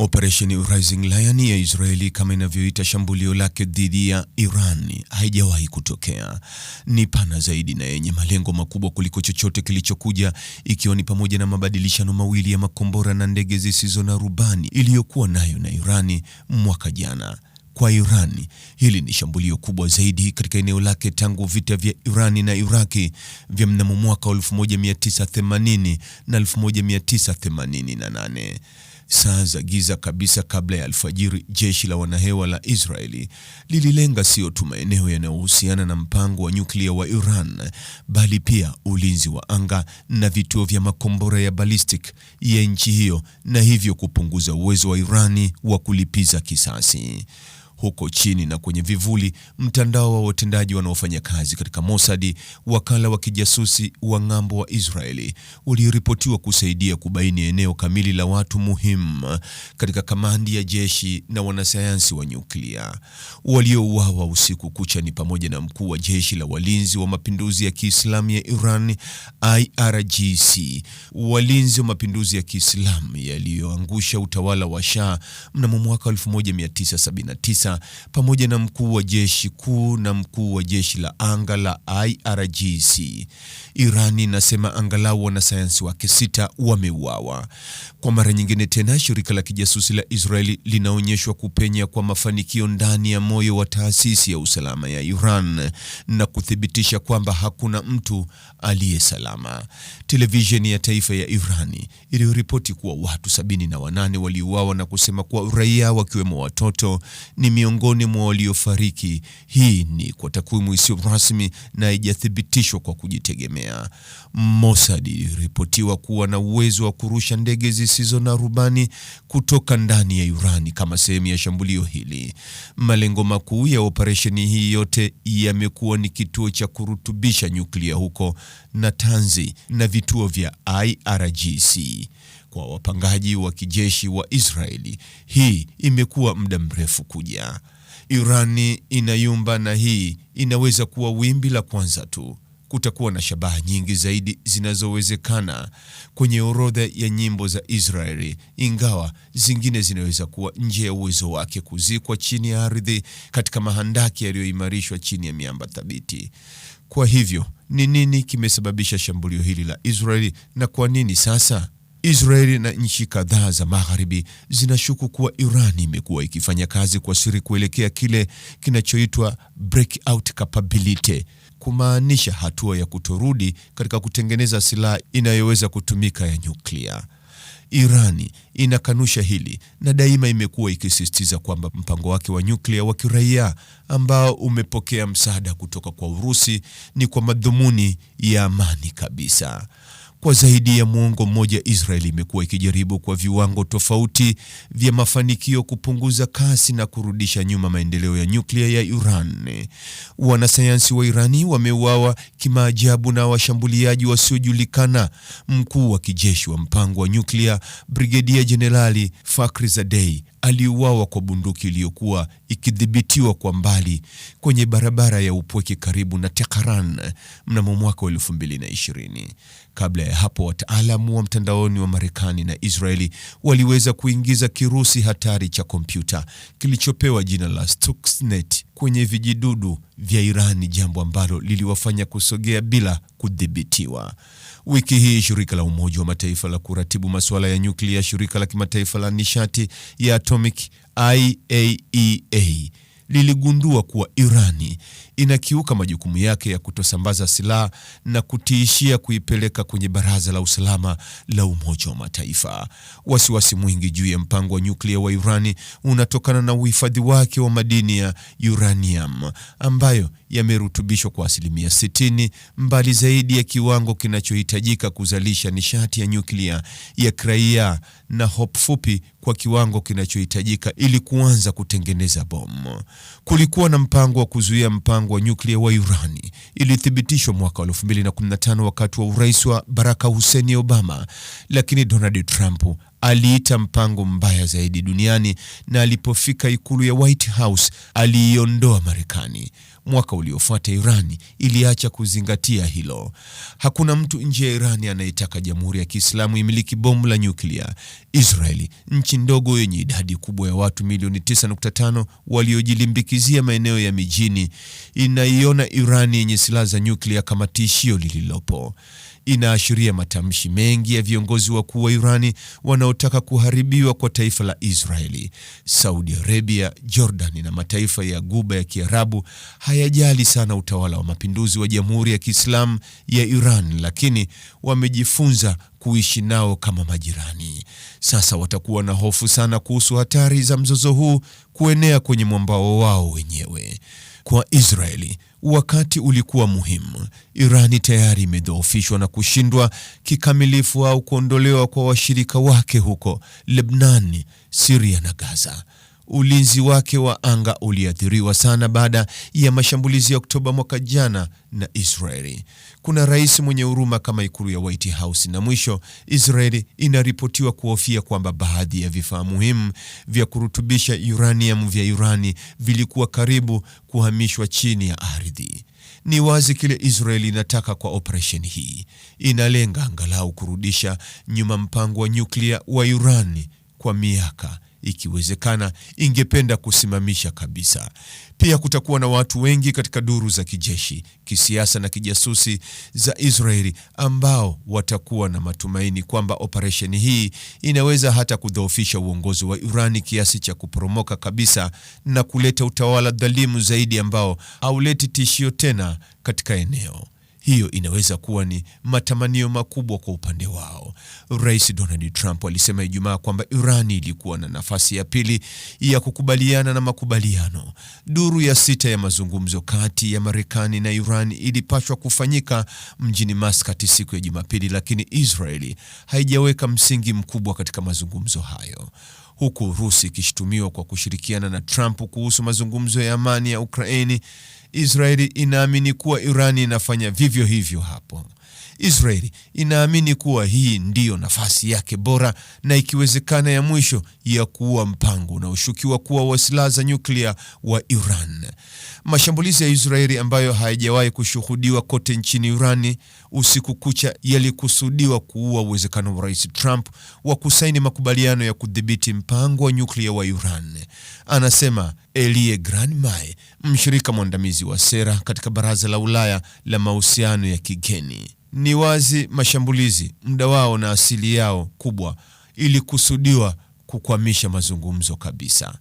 Operesheni Rising Lion ya Israeli kama inavyoita shambulio lake dhidi ya Iran haijawahi kutokea. Ni pana zaidi na yenye malengo makubwa kuliko chochote kilichokuja, ikiwa ni pamoja na mabadilishano mawili ya makombora na ndege zisizo na rubani iliyokuwa nayo na Irani mwaka jana. Kwa Iran, hili ni shambulio kubwa zaidi katika eneo lake tangu vita vya Irani na Iraki vya mnamo mwaka 1980 na 1988. Saa za giza kabisa kabla ya alfajiri, jeshi la wanahewa la Israeli lililenga sio tu maeneo yanayohusiana na mpango wa nyuklia wa Iran, bali pia ulinzi wa anga na vituo vya makombora ya ballistic ya nchi hiyo, na hivyo kupunguza uwezo wa Irani wa kulipiza kisasi. Huko chini na kwenye vivuli, mtandao wa watendaji wanaofanya kazi katika Mossad, wakala wa kijasusi wa ng'ambo wa Israeli, uliripotiwa kusaidia kubaini eneo kamili la watu muhimu katika kamandi ya jeshi na wanasayansi wa nyuklia. Waliouawa usiku kucha ni pamoja na mkuu wa jeshi la walinzi wa mapinduzi ya Kiislamu ya Iran IRGC, walinzi wa mapinduzi ya Kiislamu yaliyoangusha utawala wa Shah mnamo mwaka 1979 Kenyatta pamoja na mkuu wa jeshi kuu na mkuu wa jeshi la anga la IRGC. Irani inasema angalau wanasayansi wake sita wameuawa. Kwa mara nyingine tena, shirika la kijasusi la Israeli linaonyeshwa kupenya kwa mafanikio ndani ya moyo wa taasisi ya usalama ya Iran na kuthibitisha kwamba hakuna mtu aliye salama. Televisheni ya taifa ya Irani iliyoripoti kuwa watu sabini na wanane waliuawa na kusema kuwa raia wakiwemo watoto ni miongoni mwa waliofariki. Hii ni kwa takwimu isiyo rasmi na haijathibitishwa kwa kujitegemea. Mossad iliripotiwa kuwa na uwezo wa kurusha ndege zisizo na rubani kutoka ndani ya Iran kama sehemu ya shambulio hili. Malengo makuu ya operesheni hii yote yamekuwa ni kituo cha kurutubisha nyuklia huko Natanz na vituo vya IRGC kwa wapangaji wa kijeshi wa Israeli. Hii imekuwa muda mrefu kuja. Irani inayumba na hii inaweza kuwa wimbi la kwanza tu. Kutakuwa na shabaha nyingi zaidi zinazowezekana kwenye orodha ya nyimbo za Israeli, ingawa zingine zinaweza kuwa nje ya uwezo wake, kuzikwa chini ya ardhi katika mahandaki yaliyoimarishwa chini ya miamba thabiti. Kwa hivyo, ni nini kimesababisha shambulio hili la Israeli na kwa nini sasa? Israeli na nchi kadhaa za Magharibi zinashuku kuwa Iran imekuwa ikifanya kazi kwa siri kuelekea kile kinachoitwa breakout capability, kumaanisha hatua ya kutorudi katika kutengeneza silaha inayoweza kutumika ya nyuklia. Irani inakanusha hili na daima imekuwa ikisisitiza kwamba mpango wake wa nyuklia wa kiraia ambao umepokea msaada kutoka kwa Urusi ni kwa madhumuni ya amani kabisa. Kwa zaidi ya muongo mmoja, Israel imekuwa ikijaribu kwa viwango tofauti vya mafanikio kupunguza kasi na kurudisha nyuma maendeleo ya nyuklia ya Iran. Wanasayansi wa Irani wameuawa kimaajabu na washambuliaji wasiojulikana. Mkuu wa kijeshi wa mpango wa nyuklia Brigedia Jenerali Fakhrizadeh aliuawa kwa bunduki iliyokuwa ikidhibitiwa kwa mbali kwenye barabara ya Upweke karibu na Tehran mnamo mwaka wa 2020. Kabla ya hapo, wataalamu wa mtandaoni wa Marekani na Israeli waliweza kuingiza kirusi hatari cha kompyuta kilichopewa jina la Stuxnet kwenye vijidudu vya Irani, jambo ambalo liliwafanya kusogea bila kudhibitiwa. Wiki hii shirika la Umoja wa Mataifa la kuratibu masuala ya nyuklia, shirika la kimataifa la nishati ya atomic IAEA e liligundua kuwa Irani inakiuka majukumu yake ya kutosambaza silaha na kutiishia kuipeleka kwenye Baraza la Usalama la Umoja wa Mataifa. Wasiwasi mwingi juu ya mpango wa nyuklia wa Irani unatokana na uhifadhi wake wa madini ya uranium ambayo yamerutubishwa kwa asilimia 60, mbali zaidi ya kiwango kinachohitajika kuzalisha nishati ya nyuklia ya kraia na hope fupi kwa kiwango kinachohitajika ili kuanza kutengeneza bomu. Kulikuwa na mpango wa kuzuia mpango mpango wa nyuklia wa Iran ilithibitishwa mwaka 2015 wakati wa urais wa Barack Hussein Obama, lakini Donald Trump aliita mpango mbaya zaidi duniani, na alipofika ikulu ya White House aliiondoa Marekani. Mwaka uliofuata Irani iliacha kuzingatia hilo. Hakuna mtu nje ya Irani anayetaka Jamhuri ya Kiislamu imiliki bomu la nyuklia. Israeli, nchi ndogo yenye idadi kubwa ya watu milioni 9.5 waliojilimbikizia maeneo ya mijini, inaiona Irani yenye silaha za nyuklia kama tishio lililopo inaashiria matamshi mengi ya viongozi wakuu wa Irani wanaotaka kuharibiwa kwa taifa la Israeli. Saudi Arabia, Jordani na mataifa ya guba ya Kiarabu hayajali sana utawala wa mapinduzi wa Jamhuri ya Kiislamu ya Iran, lakini wamejifunza kuishi nao kama majirani. Sasa watakuwa na hofu sana kuhusu hatari za mzozo huu kuenea kwenye mwambao wao wenyewe. Kwa Israeli Wakati ulikuwa muhimu. Irani tayari imedhoofishwa na kushindwa kikamilifu au kuondolewa kwa washirika wake huko Lebanon, Syria na Gaza ulinzi wake wa anga uliathiriwa sana baada ya mashambulizi ya Oktoba mwaka jana na Israeli. Kuna rais mwenye huruma kama ikulu ya White House. Na mwisho, Israeli inaripotiwa kuhofia kwamba baadhi ya vifaa muhimu vya kurutubisha uranium vya Irani vilikuwa karibu kuhamishwa chini ya ardhi. Ni wazi kile israeli inataka kwa operesheni hii. Inalenga angalau kurudisha nyuma mpango wa nyuklia wa Iran kwa miaka ikiwezekana ingependa kusimamisha kabisa. Pia kutakuwa na watu wengi katika duru za kijeshi, kisiasa na kijasusi za Israeli ambao watakuwa na matumaini kwamba operesheni hii inaweza hata kudhoofisha uongozi wa Irani kiasi cha kuporomoka kabisa na kuleta utawala dhalimu zaidi ambao hauleti tishio tena katika eneo. Hiyo inaweza kuwa ni matamanio makubwa kwa upande wao. Rais Donald Trump alisema Ijumaa kwamba Irani ilikuwa na nafasi ya pili ya kukubaliana na makubaliano. Duru ya sita ya mazungumzo kati ya Marekani na Iran ilipashwa kufanyika mjini Muscat siku ya Jumapili, lakini Israeli haijaweka msingi mkubwa katika mazungumzo hayo huku Urusi ikishutumiwa kwa kushirikiana na Trump kuhusu mazungumzo ya amani ya Ukraini. Israeli inaamini kuwa Irani inafanya vivyo hivyo hapo. Israeli inaamini kuwa hii ndiyo nafasi yake bora na ikiwezekana ya mwisho ya kuua mpango unaoshukiwa kuwa wa silaha za nyuklia wa Iran. Mashambulizi ya Israeli ambayo hayajawahi kushuhudiwa kote nchini Irani usiku kucha yalikusudiwa kuua uwezekano wa Rais Trump wa kusaini makubaliano ya kudhibiti mpango wa nyuklia wa Iran, anasema Elie Granmay, mshirika mwandamizi wa sera katika Baraza la Ulaya la Mahusiano ya Kigeni. Ni wazi mashambulizi, muda wao na asili yao kubwa ilikusudiwa kukwamisha mazungumzo kabisa.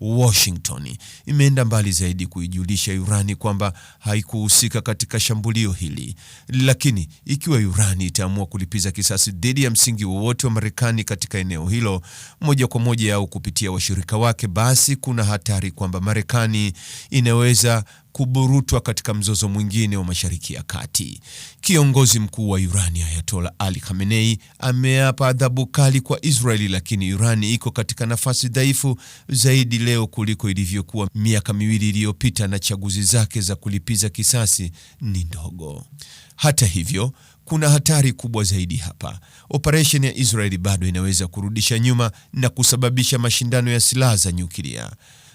Washington imeenda mbali zaidi kuijulisha Irani kwamba haikuhusika katika shambulio hili, lakini ikiwa Irani itaamua kulipiza kisasi dhidi ya msingi wowote wa Marekani katika eneo hilo moja kwa moja au kupitia washirika wake, basi kuna hatari kwamba Marekani inaweza kuburutwa katika mzozo mwingine wa Mashariki ya Kati. Kiongozi mkuu wa Irani ayatola Ali Khamenei ameapa adhabu kali kwa Israeli, lakini Irani iko katika nafasi dhaifu zaidi leo kuliko ilivyokuwa miaka miwili iliyopita, na chaguzi zake za kulipiza kisasi ni ndogo. Hata hivyo, kuna hatari kubwa zaidi hapa. Operesheni ya Israeli bado inaweza kurudisha nyuma na kusababisha mashindano ya silaha za nyuklia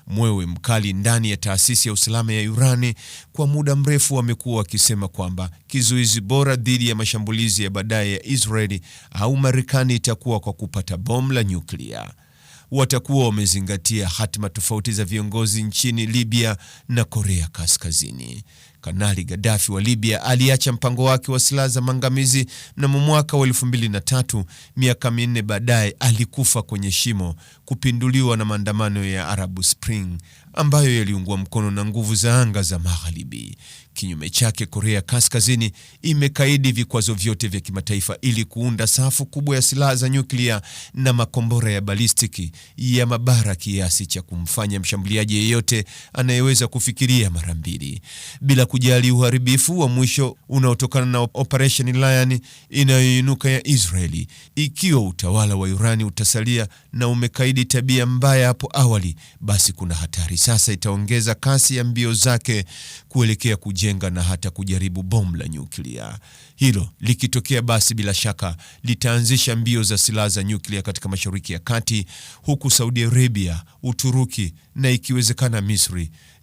mwewe mkali ndani ya taasisi ya usalama ya Irani kwa muda mrefu wamekuwa wakisema kwamba kizuizi bora dhidi ya mashambulizi ya baadaye ya Israeli au Marekani itakuwa kwa kupata bomu la nyuklia. Watakuwa wamezingatia hatima tofauti za viongozi nchini Libya na Korea Kaskazini. Kanali Gaddafi wa Libya aliacha mpango wake wa silaha za maangamizi mnamo mwaka wa 2003. Miaka minne baadaye alikufa kwenye shimo, kupinduliwa na maandamano ya Arab Spring ambayo yaliungwa mkono na nguvu za anga za Magharibi. Kinyume chake, Korea Kaskazini imekaidi vikwazo vyote vya kimataifa ili kuunda safu kubwa ya silaha za nyuklia na makombora ya balistiki ya mabara kiasi cha kumfanya mshambuliaji yeyote anayeweza kufikiria mara mbili bila kujali uharibifu wa mwisho unaotokana na Operation Lion inayoinuka ya Israeli, ikiwa utawala wa Irani utasalia na umekaidi tabia mbaya hapo awali, basi kuna hatari sasa itaongeza kasi ya mbio zake kuelekea kujenga na hata kujaribu bomu la nyuklia. Hilo likitokea, basi bila shaka litaanzisha mbio za silaha za nyuklia katika Mashariki ya Kati, huku Saudi Arabia, Uturuki na ikiwezekana Misri